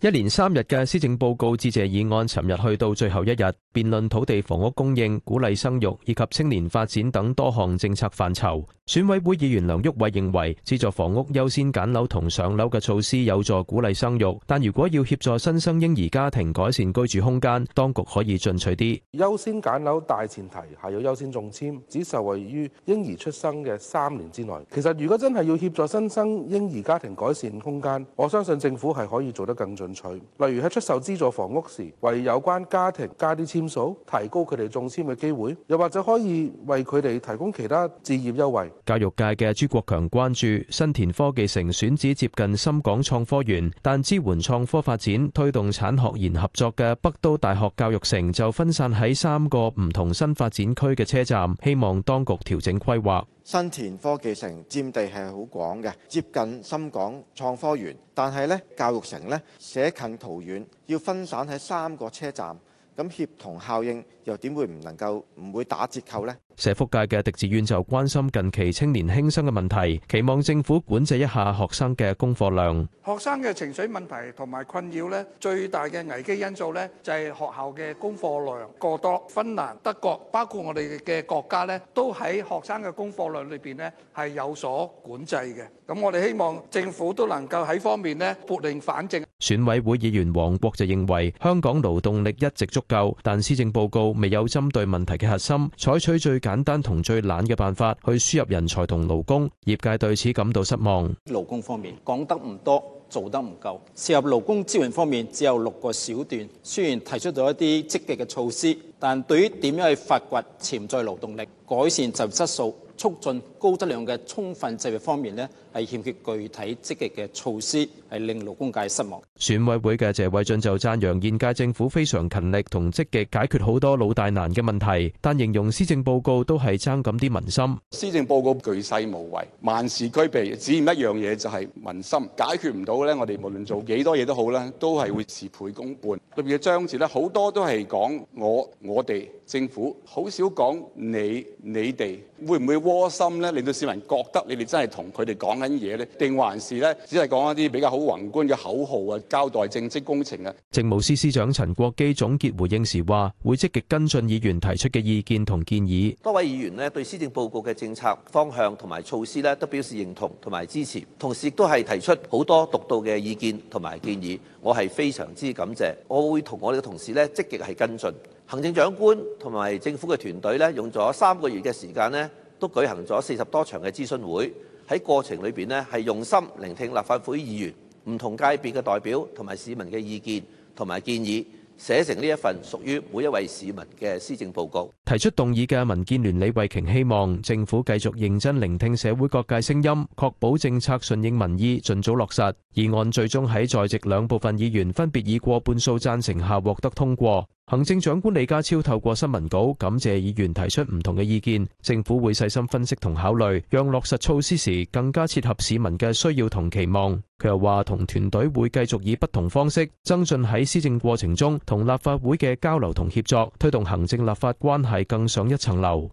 一連三日嘅施政報告致謝議案尋日去到最後一日，辯論土地房屋供應、鼓勵生育，以及青年發展等多項政策範疇。選委會議員梁毓偉認為，資助房屋優先揀樓同上樓嘅措施有助鼓勵生育，但如果要協助新生嬰兒家庭改善居住空間，當局可以進取啲。優先揀樓大前提係要優先中籤，只受惠於嬰兒出生嘅三年之內。其實，如果真係要協助新生嬰兒家庭改善空間，我相信政府係可以做得更盡的。例如喺出售資助房屋時，為有關家庭加啲籤數，提高佢哋中籤嘅機會；又或者可以為佢哋提供其他置業優惠。教育界嘅朱國強關注新田科技城選址接近深港創科園，但支援創科發展、推動產學研合作嘅北都大學教育城就分散喺三個唔同新發展區嘅車站，希望當局調整規劃。新田科技城佔地係好廣嘅，接近深港創科園，但係呢教育城呢，捨近求遠，要分散喺三個車站。咁協同效應又點會唔能夠唔會打折扣咧？社福界嘅狄志遠就關心近期青年輕生嘅問題，期望政府管制一下學生嘅功課量。學生嘅情緒問題同埋困擾咧，最大嘅危機因素咧就係學校嘅功課量過多。芬蘭、德國包括我哋嘅國家咧，都喺學生嘅功課量裏邊咧係有所管制嘅。咁我哋希望政府都能夠喺方面咧撥亂反正。選委會議員黃國就認為香港勞動力一直足夠，但施政報告未有針對問題嘅核心，採取最簡單同最懶嘅辦法去輸入人才同勞工，業界對此感到失望。勞工方面講得唔多，做得唔夠。涉及勞工支援方面，只有六個小段，雖然提出咗一啲積極嘅措施，但對於點樣去發掘潛在勞動力、改善就業質素，促進高質量嘅充分制約方面咧，係欠缺具體積極嘅措施，係令勞工界失望。選委會嘅謝偉俊就讚揚現屆政府非常勤力同積極解決好多老大難嘅問題，但形容施政報告都係爭咁啲民心。施政報告巨細無遺，萬事俱備，只欠一樣嘢就係民心解決唔到咧。我哋無論做幾多嘢都好啦，都係會事倍功半。裏邊嘅章節咧，好多都係講我我哋政府，好少講你你哋會唔會窩心咧，令到市民覺得你哋真係同佢哋講緊嘢呢，定還是咧只係講一啲比較好宏觀嘅口號啊、交代政績工程啊？政務司司長陳國基總結回應時話，會積極跟進議員提出嘅意見同建議。多位議員呢對施政報告嘅政策方向同埋措施呢都表示認同同埋支持，同時亦都係提出好多獨到嘅意見同埋建議，我係非常之感謝。我會同我哋嘅同事呢積極係跟進。行政長官同埋政府嘅團隊呢，用咗三個月嘅時間呢。都舉行咗四十多場嘅諮詢會，喺過程裏邊呢係用心聆聽立法會議員、唔同界別嘅代表同埋市民嘅意見同埋建議，寫成呢一份屬於每一位市民嘅施政報告。提出動議嘅民建聯李慧瓊希望政府繼續認真聆聽社會各界聲音，確保政策順應民意，盡早落實。議案最終喺在席兩部分議員分別以過半數贊成下獲得通過。行政長官李家超透過新聞稿感謝議員提出唔同嘅意見，政府會細心分析同考慮，讓落實措施時更加切合市民嘅需要同期望。佢又話，同團隊會繼續以不同方式增進喺施政過程中同立法會嘅交流同協作，推動行政立法關係更上一層樓。